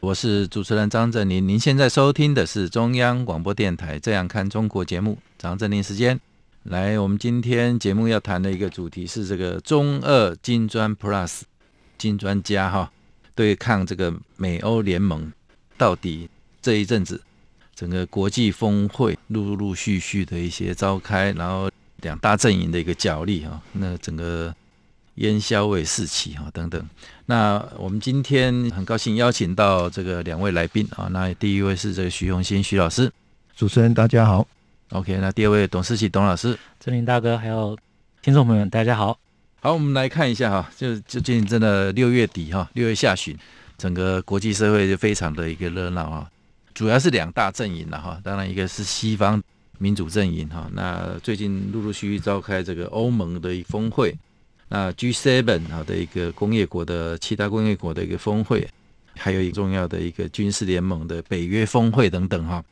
我是主持人張正霖，您現在收聽的是中央廣播電台《這樣看中國》節目，張正霖時間。來，我們今天節目要談的一個主題是這個中俄金磚 Plus 金磚加哈，對抗這個美歐聯盟。到底這一陣子，整個國際峰會陸陸續續的一些召開，然後兩大陣營的一個角力哈，那整個。煙消未四起哈等等，那我們今天很高興邀請到這個兩位來賓啊，那第一位是這個徐浤馨徐老師。主持人大家好，OK，那第二位董思齊董老師。正霖大哥還有聽眾朋友們大家好，好，我們來看一下哈，就最近真的六月底哈，六月下旬，整個國際社會就非常的一個熱鬧啊，主要是兩大陣營了哈，當然一個是西方民主陣營哈，那最近陸陸續續召開這個歐盟的一峰會。那 G7 啊，的一個工業國的其他工業國的一個峰會，還有一個重要的一個軍事聯盟的北約峰會等等哈，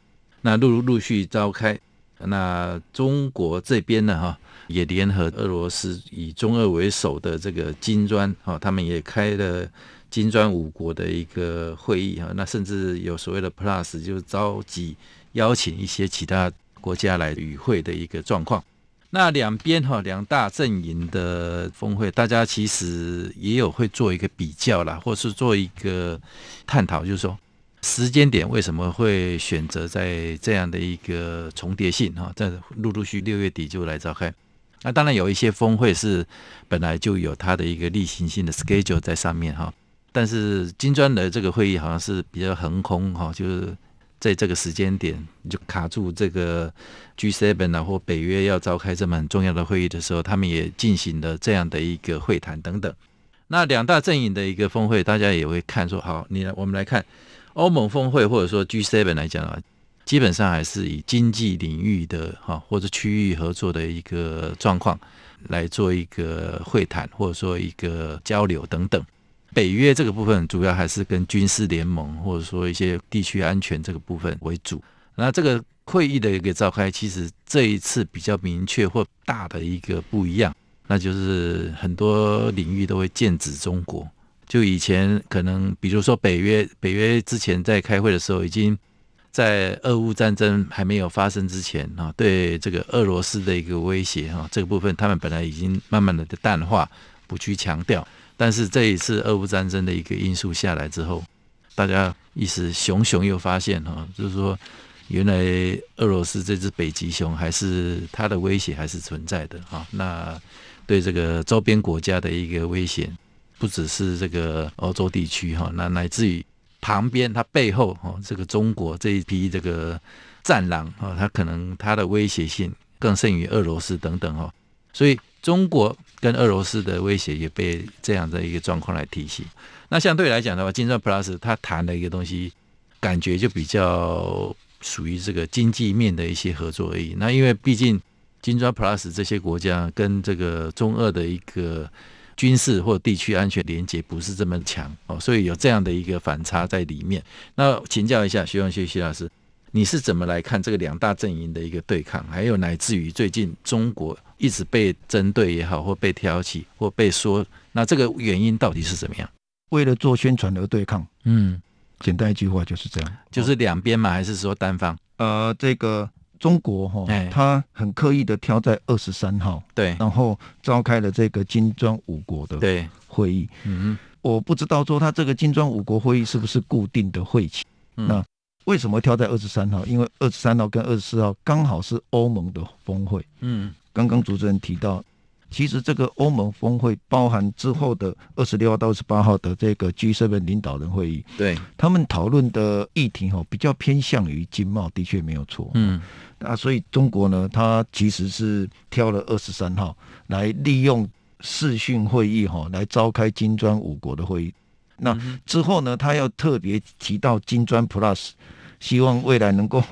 那陸陸續續召開。那中國這邊呢哈，也聯合俄羅斯，以中俄為首的這個金磚哈，他們也開了金磚五國的一個會議哈。那甚至有所謂的 Plus，就是召集邀請一些其他國家來與會的一個狀況。那兩邊哈，兩大陣營的峰會，大家其實也有會做一個比較啦，或是做一個探討，就是說時間點為什麼會選擇在這樣的一個重疊性哈，在陸陸續六月底就來召開。那當然有一些峰會是本來就有它的一個例行性的 schedule 在上面哈，但是金磚的這個會議好像是比較橫空哈，就是。在這個時間點，就卡住這個 G7 啊，或北約要召開這麼很重要的會議的時候，他們也進行了這樣的一個會談等等。那兩大陣營的一個峰會，大家也會看說，好，你來我們來看歐盟峰會，或者說 G7 來講啊，基本上還是以經濟領域的哈或者區域合作的一個狀況來做一個會談，或者說一個交流等等。北約這個部分主要還是跟軍事聯盟或者說一些地區安全這個部分為主。那這個會議的一個召開，其實這一次比較明確或大的一個不一樣，那就是很多領域都會劍指中國。就以前可能比如說北約，北約之前在開會的時候，已經在俄烏戰爭還沒有發生之前啊，對這個俄羅斯的一個威脅哈，這個部分，他們本來已經慢慢的淡化，不去強調。但是這一次俄烏戰爭的一個因素下來之後，大家一時熊熊又發現哈、哦，就是說原來俄羅斯這隻北極熊還是它的威脅還是存在的哈、哦。那對這個周邊國家的一個威脅，不只是這個歐洲地區哈、哦，那乃至於旁邊它背後哈、哦，這個中國這一批這個戰狼啊、哦，它可能它的威脅性更甚於俄羅斯等等哈、哦。所以中國。跟俄羅斯的威脅也被這樣的一個狀況來提醒。那相對來講的話，金磚 Plus 他談的一個東西，感覺就比較屬於這個經濟面的一些合作而已。那因為畢竟金磚 Plus 這些國家跟這個中俄的一個軍事或地區安全連接不是這麼強哦，所以有這樣的一個反差在裡面。那請教一下徐浤馨徐老師，你是怎麼來看這個兩大陣營的一個對抗，還有乃至於最近中國？一直被針對也好，或被挑起，或被說，那這個原因到底是怎麼樣？為了做宣傳而對抗，嗯，簡單一句話就是這樣，就是兩邊嘛，哦、還是說單方？呃，這個中國哈、哦，他、哎、很刻意的挑在二十三號，對，然後召開了這個金磚五國的會議對，嗯，我不知道說他這個金磚五國會議是不是固定的會期，嗯。為什麼挑在二十三號？因為二十三號跟二十四號剛好是歐盟的峰會。嗯，剛剛主持人提到，其實這個歐盟峰會包含之後的二十六號到二十八號的這個 G 7領導人會議。對，他們討論的議題哈、哦、比較偏向於經貿，的確沒有錯。嗯，那所以中國呢，他其實是挑了二十三號來利用視訊會議哈、哦、來召開金磚五國的會議。那之後呢，他要特別提到金磚 Plus。希望未來能夠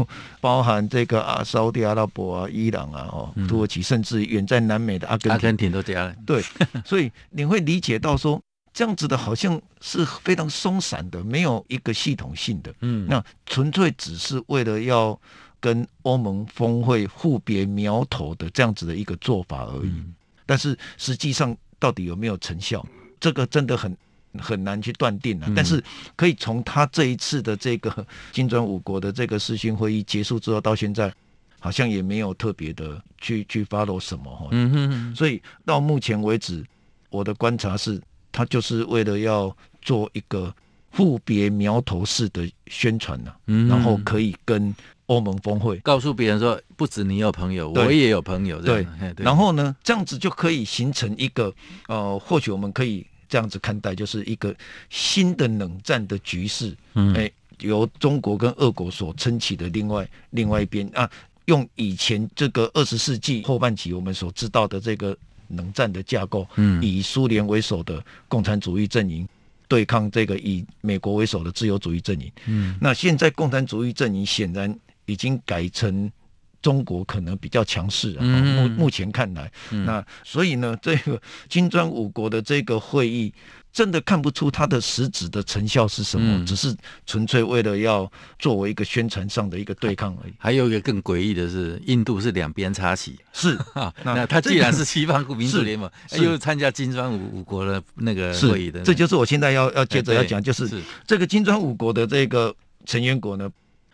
包含這個啊，沙烏地阿拉伯啊、伊朗啊、哦，土耳其，甚至遠在南美的阿根廷，阿根廷都這樣。對，所以你會理解到說，這樣子的好像是非常鬆散的，沒有一個系統性的。嗯。那純粹只是為了要跟歐盟峰會互別苗頭的這樣子的一個做法而已。嗯。但是實際上到底有沒有成效，這個真的很。很難去斷定啊、嗯，但是可以從他這一次的這個金磚五國的這個視訊會議結束之後到現在，好像也沒有特別的去去 follow 什麼哈，嗯嗯，所以到目前為止，我的觀察是，他就是為了要做一個互別苗頭式的宣傳呢、嗯，然後可以跟歐盟峰會告訴別人說，不止你有朋友，我也有朋友對對，對，然後呢，這樣子就可以形成一個呃，或許我們可以這樣子看待，就是一個新的冷戰的局勢，欸，由中國跟俄國所撐起的另外另外一邊啊，用以前這個二十世紀後半期我們所知道的這個冷戰的架構，以蘇聯為首的共產主義陣營對抗這個以美國為首的自由主義陣營。那現在共產主義陣營顯然已經改成。中國可能比較強勢，啊、目、嗯、目前看來，嗯，那所以呢，這個金磚五國的這個會議，真的看不出它的實質的成效是什麼，嗯，只是純粹為了要作為一個宣傳上的一個對抗而已。還有一個更詭異的是，印度是兩邊插旗，是啊， 那他既然是西方民主聯盟，又參加金磚五五國的那個，會議的，這就是我現在要要接着要講，欸，就是，是這個金磚五國的這個成員國呢，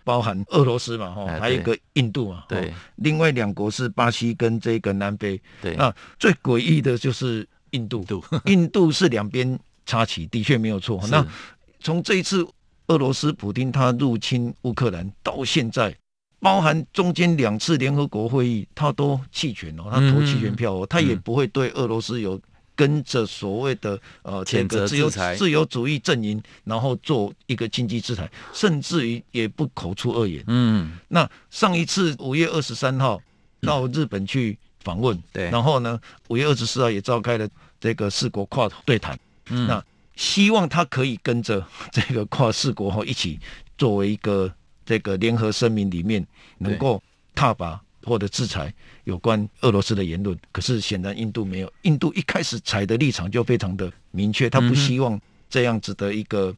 包含俄羅斯嘛，哈，還有一個印度嘛，啊、對，另外兩國是巴西跟這個南非，對，那最詭異的就是印度，印度， 印度是兩邊插旗，的確沒有錯。那從這一次俄羅斯普丁他入侵烏克蘭到現在，包含中間兩次聯合國會議，他都棄權哦，他投棄權票哦、嗯，他也不會對俄羅斯有。跟着所謂的呃這個自由自由主義陣營，然後做一個經濟制裁，甚至於也不口出惡言。嗯，那上一次五月二十三號到日本去訪問，嗯、對，然後呢五月二十四號也召開了這個四國跨對談。嗯，那希望他可以跟着這個跨四國後一起作為一個這個聯合聲明裡面、嗯、能夠踏拔。或者制裁有關俄羅斯的言論，可是顯然印度沒有。印度一開始採的立場就非常的明確，他不希望這樣子的一個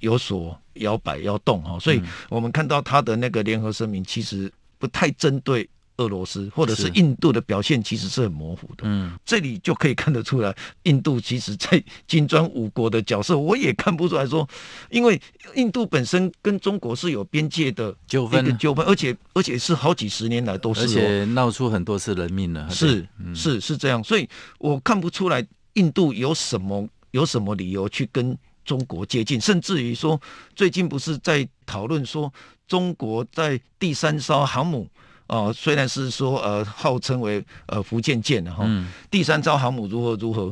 有所搖擺、搖動啊。所以我們看到他的那個聯合聲明，其實不太針對。俄羅斯或者是印度的表現其實是很模糊的，嗯，這裡就可以看得出來，印度其實在金磚五國的角色，我也看不出來說，因為印度本身跟中國是有邊界的糾紛、糾紛，而且而且是好幾十年來都是，而且鬧出很多次人命了，是、嗯、是是這樣，所以我看不出來印度有什麼有什麼理由去跟中國接近，甚至於說最近不是在討論說中國在第三艘航母，哦，雖然是說呃，號稱為呃福建艦哈、嗯，第三艘航母如何如何，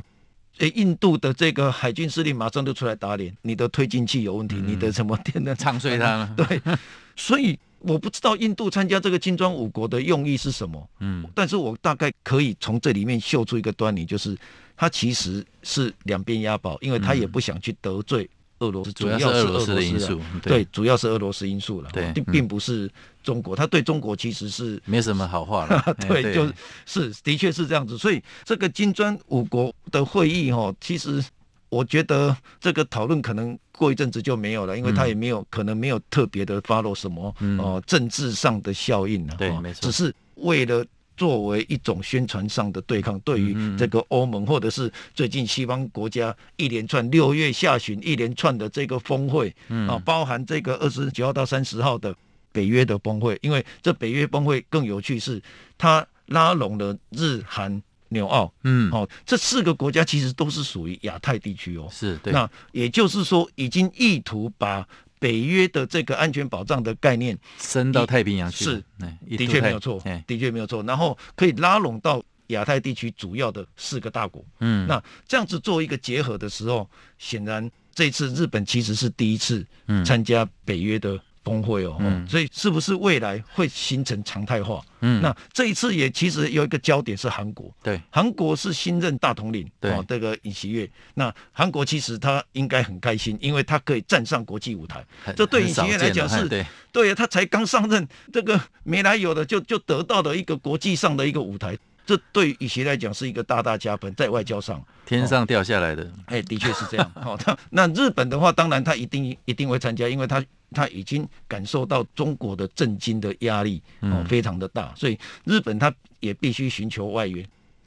哎、欸，印度的這個海軍司令馬上就出來打臉，你的推進器有問題、嗯，你的什麼電纜唱衰他了、啊，對， 所以我不知道印度參加這個金磚五國的用意是什麼？嗯，但是我大概可以從這裡面嗅出一個端倪，就是他其實是兩邊押寶，因為他也不想去得罪。嗯俄羅斯主要是俄羅斯的因素斯、啊對，對，主要是俄羅斯因素了，對、嗯，並不是中國，他對中國其實是沒什麼好話了、 欸？對，就是的確是這樣子，所以這個金磚五國的會議哈、喔，其實我覺得這個討論可能過一陣子就沒有了，因為他也沒有、嗯、可能沒有特別的 follow 什麼哦、嗯呃、政治上的效應了，對，喔、沒錯，只是為了。作為一種宣傳上的對抗，對於這個歐盟或者是最近西方國家一連串六月下旬一連串的這個峰會啊，包含這個二十九號到三十號的北約的峰會。因為這北約峰會更有趣是它拉攏了日韓紐澳，嗯，這四個國家其實都是屬於亞太地區哦，是，對，那也就是說已經意圖把。北約的這個安全保障的概念升到太平洋去，是，哎，的確沒有錯，哎，的確沒有錯。然後可以拉攏到亞太地區主要的四個大國。嗯，那這樣子做一個結合的時候，顯然這次日本其實是第一次參加北約的。嗯。峰會哦、嗯，所以是不是未來會形成常態化？嗯，那這一次也其實有一個焦點是韓國。對，韓國是新任大統領，對，哦、這個尹錫悅。那韓國其實他應該很開心，因為他可以站上國際舞台。這對尹錫悅來講是，對對，他才剛上任，這個沒來由的就就得到了一個國際上的一個舞台。這對於以前來講是一個大大加分，在外交上，天上掉下來的，哎、哦，的確是這樣、 哦。那日本的話，當然他一定一定會參加，因為他他已經感受到中國的震驚的壓力，哦，非常的大，所以日本他也必須尋求外援。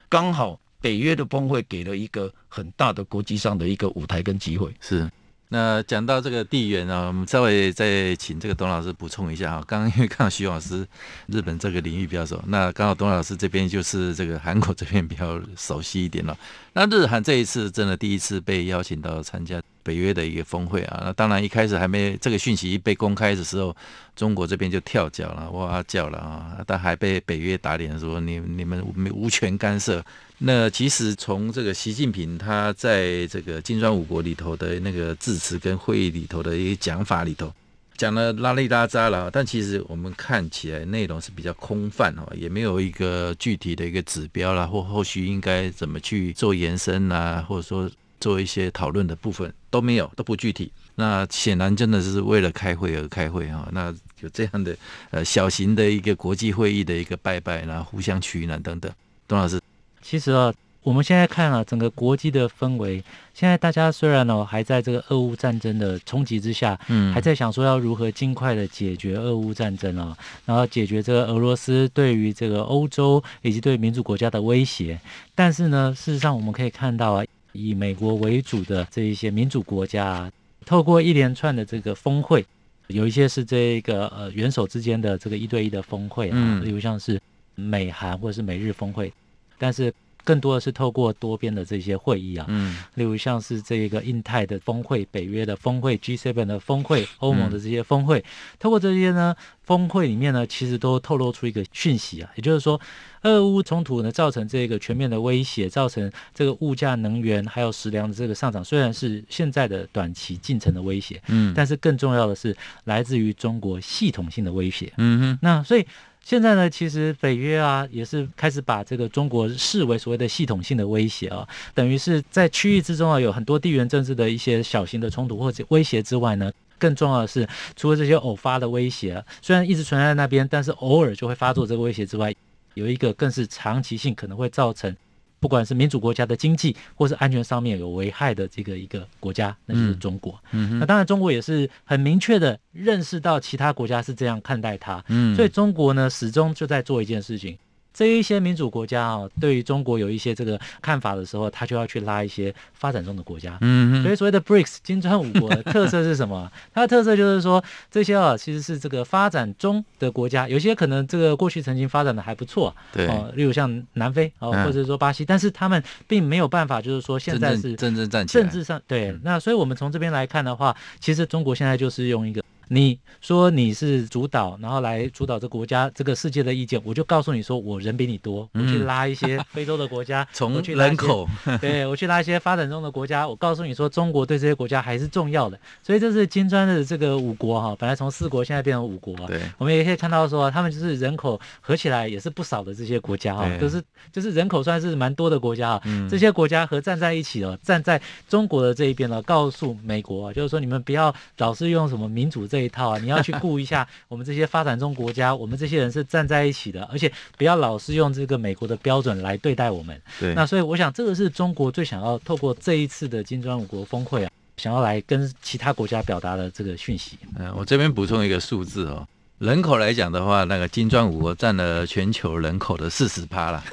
剛好北約的峰會給了一個很大的國際上的一個舞台跟機會，是。那講到這個地緣呢、哦，我們稍微再請這個董老師補充一下啊、哦。剛剛因為看到徐老師日本這個領域比較熟，那剛好董老師這邊就是這個韓國這邊比較熟悉一點了、哦。那日韓這一次真的第一次被邀請到參加。北約的一個峰會啊，那當然一開始還沒這個訊息被公開的時候，中國這邊就跳腳了，哇叫了啊！但還被北約打臉說，你你們無無權干涉。那其實從這個習近平他在這個金磚五國裡頭的那個致辭跟會議裡頭的一些講法裡頭，講了拉里拉扎了，但其實我們看起來內容是比較空泛哦，也沒有一個具體的一個指標啦，或後續應該怎麼去做延伸啊，或者說。做一些討論的部分都沒有，都不具體。那顯然真的是為了開會而開會啊！那有這樣的呃，小型的一個國際會議的一個拜拜，然後互相取暖等等。董老師，其實啊，我們現在看啊，整個國際的氛圍，現在大家雖然哦還在這個俄烏戰爭的衝擊之下，嗯，還在想說要如何盡快的解決俄烏戰爭啊，然後解決這個俄羅斯對於這個歐洲以及對民主國家的威脅，但是呢，事實上我們可以看到啊。以美國為主的這一些民主國家，透過一連串的這個峰會，有一些是這個呃元首之間的這個一對一的峰會啊，比如像是美韓或者是美日峰會，但是。更多的是透過多邊的這些會議啊，嗯，例如像是這個印太的峰會、北約的峰會、G7 的峰會、嗯、歐盟的這些峰會，透過這些呢峰會裡面呢，其實都透露出一個訊息啊，也就是說，俄烏衝突呢造成這個全面的威脅，造成這個物價、能源還有食糧的這個上漲，雖然是現在的短期進程的威脅，嗯，但是更重要的是來自於中國系統性的威脅，嗯哼，那所以。現在呢，其實北約啊也是開始把這個中國視為所謂的系統性的威脅啊，等於是在區域之中啊有很多地緣政治的一些小型的衝突或者威脅之外呢，更重要的是，除了這些偶發的威脅啊，雖然一直存在在那邊，但是偶爾就會發作這個威脅之外，有一個更是長期性，可能會造成。不管是民主國家的經濟，或是安全上面有危害的這個一個國家，那就是中國。嗯嗯、那當然，中國也是很明確的認識到其他國家是這樣看待它。嗯、所以中國呢，始終就在做一件事情。這一些民主國家啊，對於中國有一些這個看法的時候，他就要去拉一些發展中的國家。嗯嗯。所以所謂的 BRICS 金磚五國的特色是什麼？ 它的特色就是說，這些啊其實是這個發展中的國家，有些可能這個過去曾經發展的還不錯，對。例如像南非啊，或者說巴西，嗯，但是他們並沒有辦法，就是說現在是真正真正站起來，政治上對。那所以我們從這邊來看的話，其實中國現在就是用一個。你說你是主導，然後來主導這個國家這個世界的意見，我就告訴你說，我人比你多，我去拉一些非洲的國家，嗯、從人口，我對我去拉一些發展中的國家，我告訴你說，中國對這些國家還是重要的，所以這是金磚的這個五國哈、啊，本來從四國現在變成五國、啊，對，我們也可以看到說，他們就是人口合起來也是不少的這些國家哈、啊，就是就是人口算是蠻多的國家啊，這些國家和站在一起了、啊，站在中國的這一邊了、啊，告訴美國、啊、就是說，你們不要老是用什麼民主這一。這一套啊，你要去顧一下我們這些發展中國家， 我們這些人是站在一起的，而且不要老是用這個美國的標準來對待我們。對，那所以我想，這個是中國最想要透過這一次的金磚五國峰會啊，想要來跟其他國家表達的這個訊息。嗯、呃，我這邊補充一個數字哦，人口來講的話，那個金磚五國佔了全球人口的四十趴了，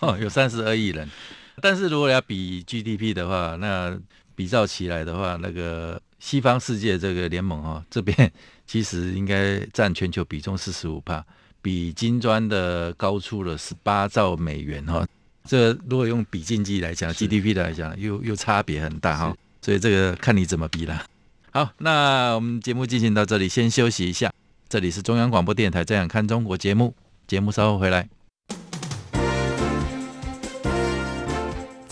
啦 有三十二億人。但是如果你要比 GDP 的話，那比照起來的話，那個。西方世界這個聯盟哈、哦，這邊其實應該占全球比重四十五趴，比金磚的高出了十八兆美元哈、哦。這如果用比經濟來講，GDP 來講，又又差別很大哈、哦。所以這個看你怎麼比啦。好，那我們節目進行到這裡，先休息一下。這裡是中央廣播電台《這樣看中國》節目，節目稍後回來。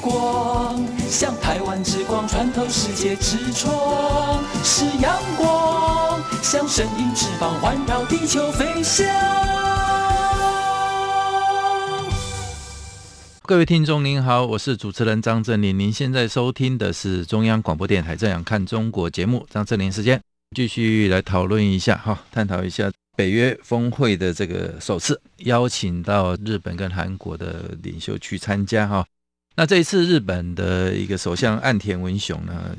光像台灣之光穿透世界之窗，是陽光像神鷹翅膀環繞地球飛翔。各位聽眾您好，我是主持人張正霖，您現在收聽的是中央廣播電台《正眼看中國》節目。張正霖時間，繼續來討論一下哈，探討一下北約峰會的這個首次邀請到日本跟韓國的領袖去參加哈。那這一次日本的一個首相岸田文雄呢，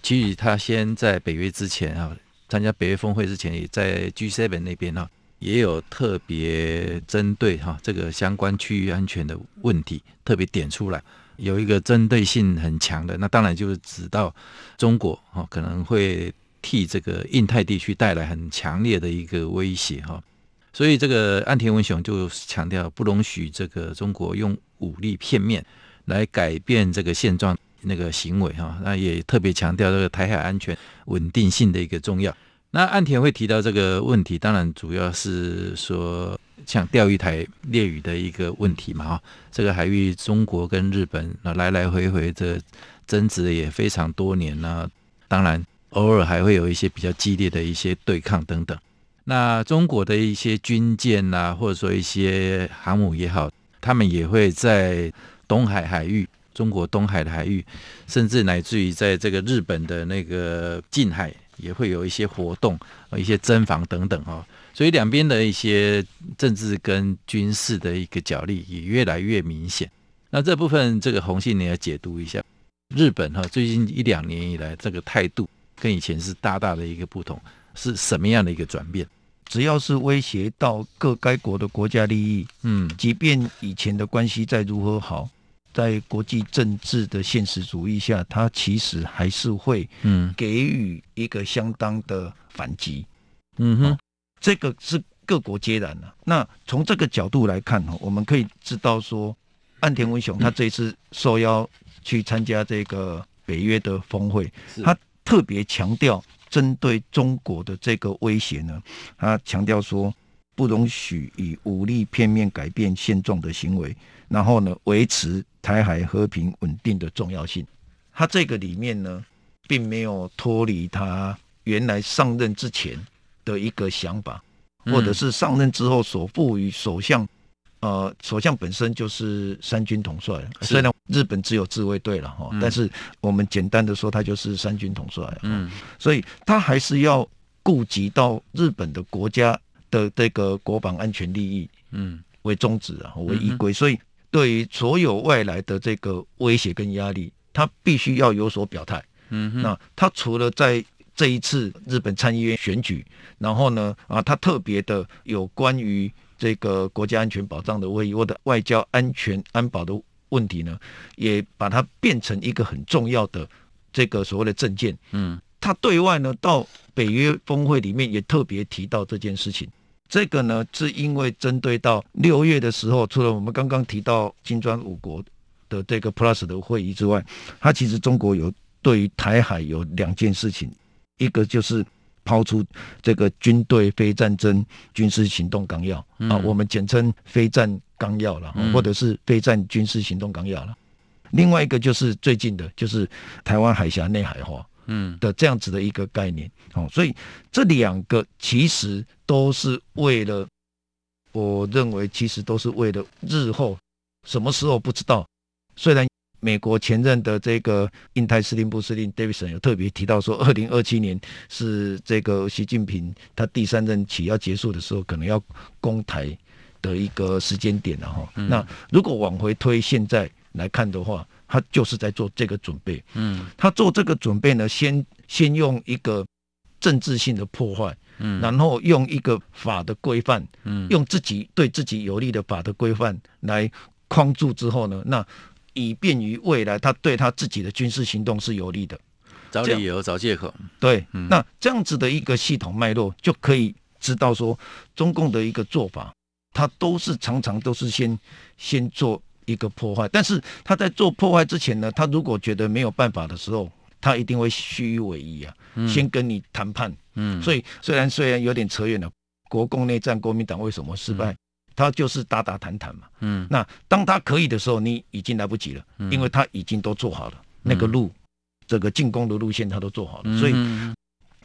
其實他先在北約之前啊，參加北約峰會之前，也在 G7 那邊啊，也有特別針對哈、啊、這個相關區域安全的問題，特別點出來，有一個針對性很強的。那當然就是指到中國哈、啊，可能會替這個印太地區帶來很強烈的一個威脅哈、啊，所以這個岸田文雄就強調，不容許這個中國用武力片面。來改變這個現狀那個行為哈，那也特別強調這個台海安全穩定性的一個重要。那岸田會提到這個問題，當然主要是說像釣魚台列嶼的一個問題嘛哈。這個海域中國跟日本那來來回回這爭執也非常多年啊，當然偶爾還會有一些比較激烈的一些對抗等等。那中國的一些軍艦啊，或者說一些航母也好，他們也會在。東海海域，中國東海的海域，甚至乃至於在這個日本的那個近海，也會有一些活動，一些增防等等哦。所以兩邊的一些政治跟軍事的一個角力也越來越明顯。那這部分這個浤馨，你要解讀一下，日本哈最近一兩年以來這個態度跟以前是大大的一個不同，是什麼樣的一個轉變？只要是威脅到各該國的國家利益，嗯，即便以前的關係再如何好。在國際政治的現實主義下，他其實還是會給予一個相當的反擊。嗯哼、哦，這個是各國皆然的。啊，那從這個角度來看哈、哦，我們可以知道說，岸田文雄他這次受邀去參加這個北約的峰會，他特別強調針對中國的這個威脅呢，他強調說，不容許以武力片面改變現狀的行為，然後呢，維持台海和平穩定的重要性。他這個裡面呢，並沒有脫離他原來上任之前的一個想法，或者是上任之後所賦予首相。呃，首相本身就是三軍統帥，雖然日本只有自衛隊了哈。但是我們簡單的說，他就是三軍統帥。嗯，所以他還是要顧及到日本的國家。的這個國防安全利益，嗯，為宗旨啊，為依歸、嗯，所以對於所有外來的這個威脅跟壓力，他必須要有所表態，嗯哼，那他除了在這一次日本參議院選舉，然後呢，啊，他特別的有關於這個國家安全保障的威脅，或者外交安全安保的問題呢，也把它變成一個很重要的這個所謂的政見。嗯，他對外呢，到北約峰會裡面也特別提到這件事情。這個呢，是因為針對到六月的時候，除了我們剛剛提到金磚五國的這個 Plus 的會議之外，它其實中國有對於台海有兩件事情，一個就是拋出這個軍隊非戰爭軍事行動綱要、嗯、啊，我們簡稱非戰綱要了，或者是非戰軍事行動綱要了、嗯。另外一個就是最近的，就是台灣海峽內海化。嗯的這樣子的一個概念，好、嗯，所以這兩個其實都是為了，我認為其實都是為了日後什麼時候不知道。雖然美國前任的這個印太司令部司令 Davidson 有特別提到說，二零二七年是這個習近平他第三任期要結束的時候，可能要攻台的一個時間點了哈、嗯。那如果往回推，現在來看的話。他就是在做這個準備，嗯，他做這個準備呢，先先用一個政治性的破壞，嗯，然後用一個法的規範，嗯，用自己對自己有利的法的規範來框住之後呢，那以便於未來他對他自己的軍事行動是有利的，找理由、找借口，對，嗯，那這樣子的一個系統脈絡就可以知道說，中共的一個做法，他都是常常都是先先做。一個破壞，但是他在做破壞之前呢，他如果覺得沒有辦法的時候，他一定會虛與委蛇啊、嗯，先跟你談判。嗯，所以雖然雖然有點扯遠了，國共內戰國民黨為什麼失敗？嗯、他就是打打談談嘛。嗯，那當他可以的時候，你已經來不及了，嗯、因為他已經都做好了、嗯、那個路，這個進攻的路線他都做好了。嗯、所以《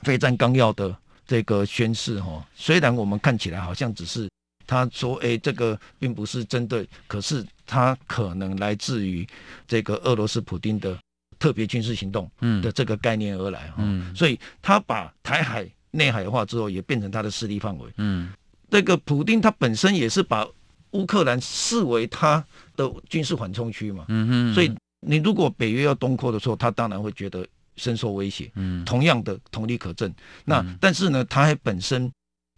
非戰綱要》的這個宣誓，哈，雖然我們看起來好像只是。他說：“哎、欸，這個並不是針對，可是他可能來自於這個俄羅斯普丁的特別軍事行動的這個概念而來哈、嗯嗯哦，所以他把台海內海化之後也變成他的勢力範圍。嗯，那、這個普丁他本身也是把烏克蘭視為他的軍事緩衝區嘛、嗯嗯嗯。所以你如果北約要東擴的時候，他當然會覺得深受威脅、嗯。同樣的同理可證。那、嗯、但是呢，他還本身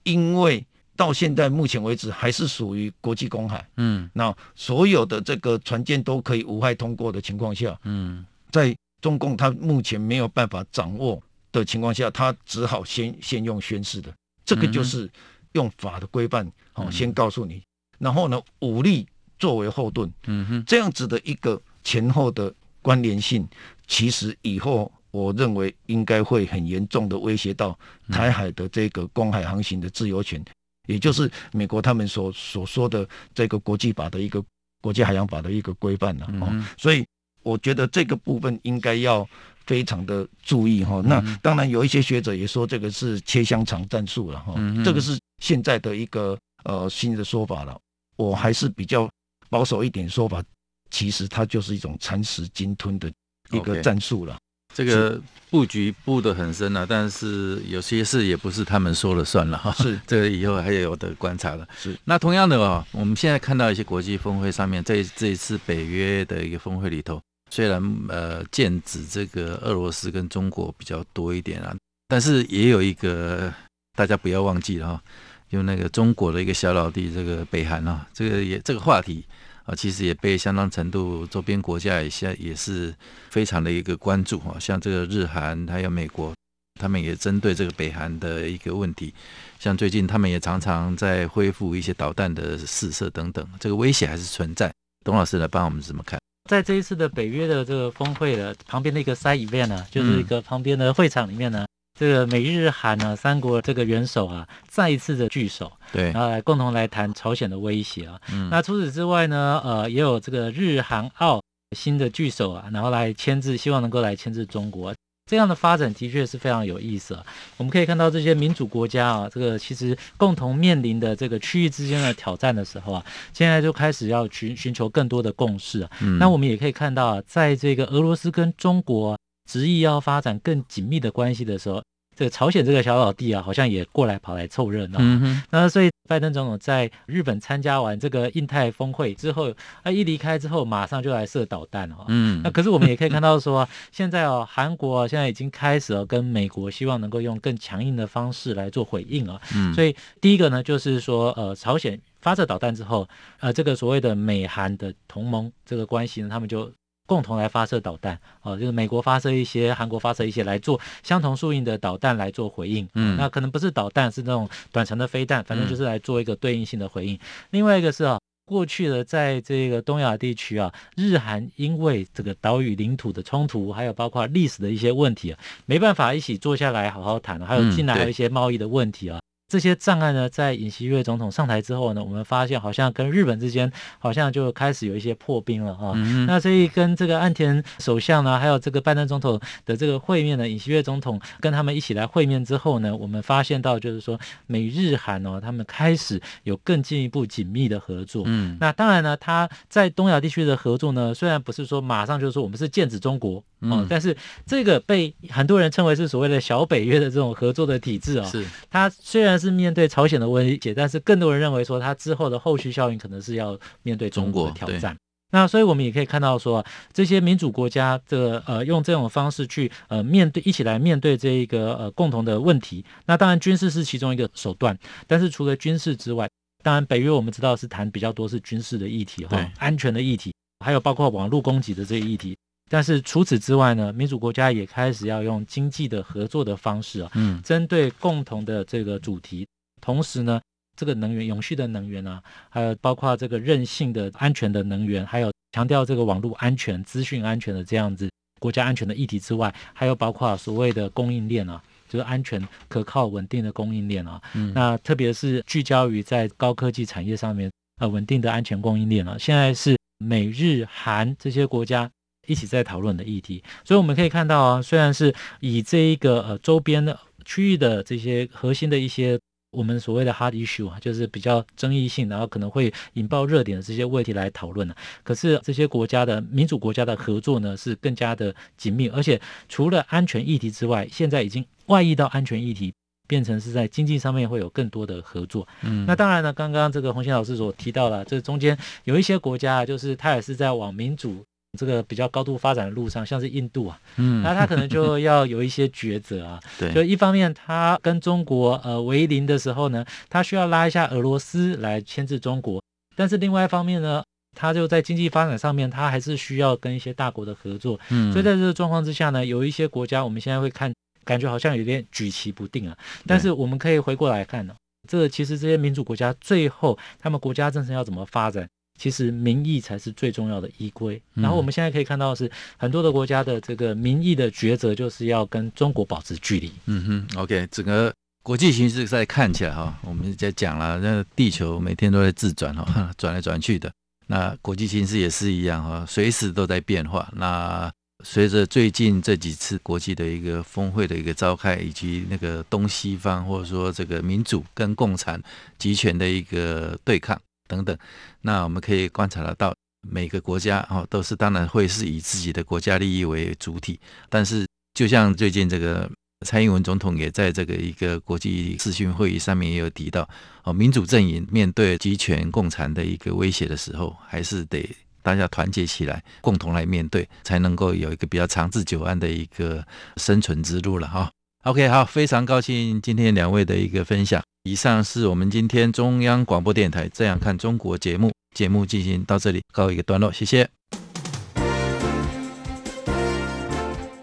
因為。到現在目前為止，還是屬於國際公海。嗯，那所有的這個船艦都可以無害通過的情況下，嗯，在中共他目前沒有辦法掌握的情況下，他只好先先用宣示的，這個就是用法的規範、哦，好、嗯，先告訴你。然後呢，武力作為後盾，嗯哼，這樣子的一個前後的關聯性，其實以後我認為應該會很嚴重的威脅到台海的這個公海航行的自由權。也就是美國他們所所說的這個國際法的一個國際海洋法的一個規範了啊、嗯，所以我覺得這個部分應該要非常的注意哈、啊嗯。那當然有一些學者也說這個是切香腸戰術了哈，這個是現在的一個呃新的說法了、啊。我還是比較保守一點說法，其實它就是一種蠶食鯨吞的一個戰術了、啊。Okay. 這個布局布得很深了、啊，但是有些事也不是他們說了算了哈、啊。是，這個以後還有的觀察了。是。那同樣的啊、哦，我們現在看到一些國際峰會上面，在這一次北約的一個峰會裡頭，雖然呃，劍指這個俄羅斯跟中國比較多一點啊，但是也有一個大家不要忘記了哈、哦，就那個中國的一個小老弟這個北韓啊，這個也這個話題。啊，其實也被相當程度周邊國家也像也是非常的一個關注啊，像這個日韓還有美國，他們也針對這個北韓的一個問題，像最近他們也常常在恢復一些導彈的試射等等，這個威脅還是存在。董老師來幫我們怎麼看？在這一次的北約的這個峰會的旁邊的一個 side event 裡面呢，就是一個旁邊的會場裡面呢。嗯這個美日韓呢、啊、三國這個元首啊再一次的聚首，對，然後來共同來談朝鮮的威脅啊、嗯。那除此之外呢，呃，也有這個日韓澳新的聚首啊，然後來牽制，希望能夠來牽制中國。這樣的發展的確是非常有意思啊。我們可以看到這些民主國家啊，這個其實共同面臨的這個區域之間的挑戰的時候啊，現在就開始要尋尋求更多的共識啊、嗯。那我們也可以看到啊，在這個俄羅斯跟中國、啊。執意要發展更緊密的關係的時候，這個朝鮮這個小老弟啊，好像也過來跑來湊熱鬧。那所以拜登總統在日本參加完這個印太峰會之後，啊一離開之後，馬上就來射導彈哈、啊，嗯，那可是我們也可以看到說，現在哦、啊，韓 國、啊、現在已經開始了、啊、跟美國希望能夠用更強硬的方式來做回應啊。嗯，所以第一個呢，就是說呃，朝鮮發射導彈之後，呃，這個所謂的美韓的同盟這個關係呢，他們就。共同來發射導彈，哦，就是美國發射一些，韓國發射一些，來做相同數應的導彈來做回應。嗯，那可能不是導彈，是那種短程的飛彈，反正就是來做一個對應性的回應。嗯、另外一個是啊，過去的在這個東亞地區啊，日韓因為這個島嶼領土的衝突，還有包括歷史的一些問題啊，沒辦法一起坐下來好好談。還有近來還有一些貿易的問題啊。嗯這些障礙呢，在尹錫悅總統上台之後呢，我們發現好像跟日本之間好像就開始有一些破冰了啊、哦嗯。那所以跟這個岸田首相呢，還有這個拜登總統的這個會面呢，尹錫悅總統跟他們一起來會面之後呢，我們發現到就是說美日韓哦，他們開始有更進一步緊密的合作。嗯，那當然呢，他在東亞地區的合作呢，雖然不是說馬上就是說我們是劍指中國嗯、哦，但是這個被很多人稱為是所謂的小北約的這種合作的體制啊、哦，是他雖然。但是面對朝鮮的威脅，但是更多人認為說，它之後的後續效應可能是要面對中國的挑戰。那所以我們也可以看到說，這些民主國家的呃，用這種方式去呃面對一起來面對這一個呃共同的問題。那當然軍事是其中一個手段，但是除了軍事之外，當然北約我們知道是談比較多是軍事的議題哈，哦，安全的議題，還有包括網絡攻擊的這個議題。但是除此之外呢，民主國家也開始要用經濟的合作的方式啊，嗯，針對共同的這個主題，同時呢，這個能源、永續的能源啊，還有包括這個韌性的、安全的能源，還有強調這個網絡安全、資訊安全的這樣子國家安全的議題之外，還有包括所謂的供應鏈啊，就是安全、可靠、穩定的供應鏈啊，嗯，那特別是聚焦於在高科技產業上面，呃，穩定的安全供應鏈啊，現在是美日韓這些國家。一起在討論的議題，所以我們可以看到啊，雖然是以這一個呃周邊的區域的這些核心的一些我們所謂的 hard issue 啊，就是比較爭議性，然後可能會引爆熱點的這些問題來討論了。可是這些國家的民主國家的合作呢，是更加的緊密，而且除了安全議題之外，現在已經外溢到安全議題，變成是在經濟上面會有更多的合作。嗯，那當然呢，剛剛這個浤馨老師所提到了，這中間有一些國家就是他也是在往民主。這個比較高度發展的路上，像是印度啊，嗯，那他可能就要有一些抉擇啊。 對，就一方面他跟中國呃為鄰的時候呢，他需要拉一下俄羅斯來牽制中國，但是另外一方面呢，他就在經濟發展上面，他還是需要跟一些大國的合作。嗯，所以在這個狀況之下呢，有一些國家我們現在會看，感覺好像有點舉棋不定啊。但是我們可以回過來看呢，這其實這些民主國家最後他們國家政策要怎麼發展？其實民意才是最重要的依歸。嗯，然後我們現在可以看到的是很多的國家的這個民意的抉擇，就是要跟中國保持距離。嗯哼，OK，整個國際形勢在看起來哈，我們在講了，那地球每天都在自轉哈，轉來轉去的。那國際形勢也是一樣哈，隨時都在變化。那隨着最近這幾次國際的一個峰會的一個召開，以及那個東西方或者說這個民主跟共產集權的一個對抗。等等，那我們可以觀察得到，每個國家哦都是當然會是以自己的國家利益為主體，但是就像最近這個蔡英文總統也在這個一個國際視訊會議上面也有提到，哦民主陣營面對極權共產的一個威脅的時候，還是得大家團結起來，共同來面對，才能夠有一個比較長治久安的一個生存之路了哈。OK，好，非常高興今天兩位的一個分享。以上是我們今天中央廣播電台《這樣看中國》節目，節目進行到這裡告一個段落，謝謝。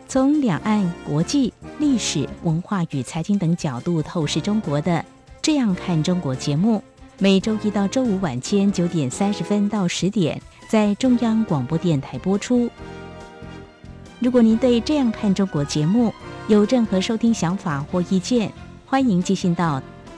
從兩岸、國際、歷史、文化與財經等角度透視中國的《這樣看中國》節目，每周一到周五晚間九點三十分到十點在中央廣播電台播出。如果您對《這樣看中國》節目有任何收聽想法或意見，歡迎寄信到。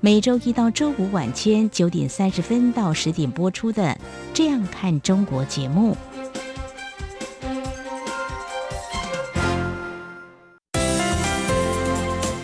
每週一到週五晚間九點三十分到十點播出的《這樣看中國》節目。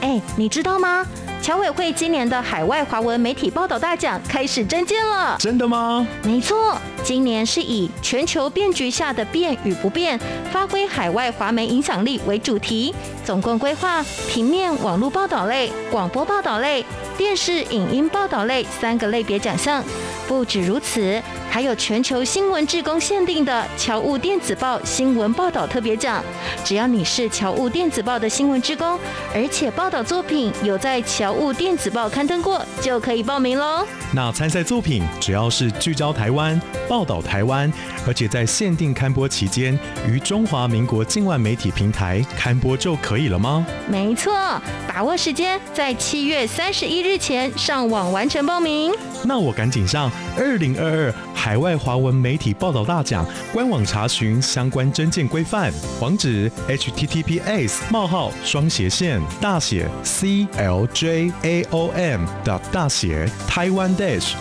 哎，你知道嗎？僑委會今年的海外華文媒體報道大獎開始徵件了。真的嗎？沒錯，今年是以全球變局下的變與不變，發揮海外華媒影響力為主題，總共規劃平面、網絡報道類、廣播報道類、電視影音報道類三個類別獎項。不止如此。還有全球新聞志工限定的僑務電子報新聞報道特別獎，只要你是僑務電子報的新聞志工，而且報道作品有在僑務電子報刊登過，就可以報名嘍。那參賽作品只要是聚焦台灣、報道台灣，而且在限定刊播期間於中華民國境外媒體平台刊播就可以了嗎？沒錯，把握時間，在七月三十一日前上網完成報名。那我趕緊上二零二二海外華文媒體報道大獎官網查詢相關徵件規範網址 h t t p s 冒號雙斜線大寫 c l j a o m 點大寫台灣 dash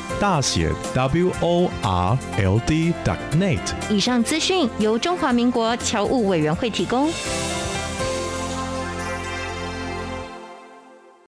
w o r l d n e t 以上資訊由中華民國僑務委員會提供。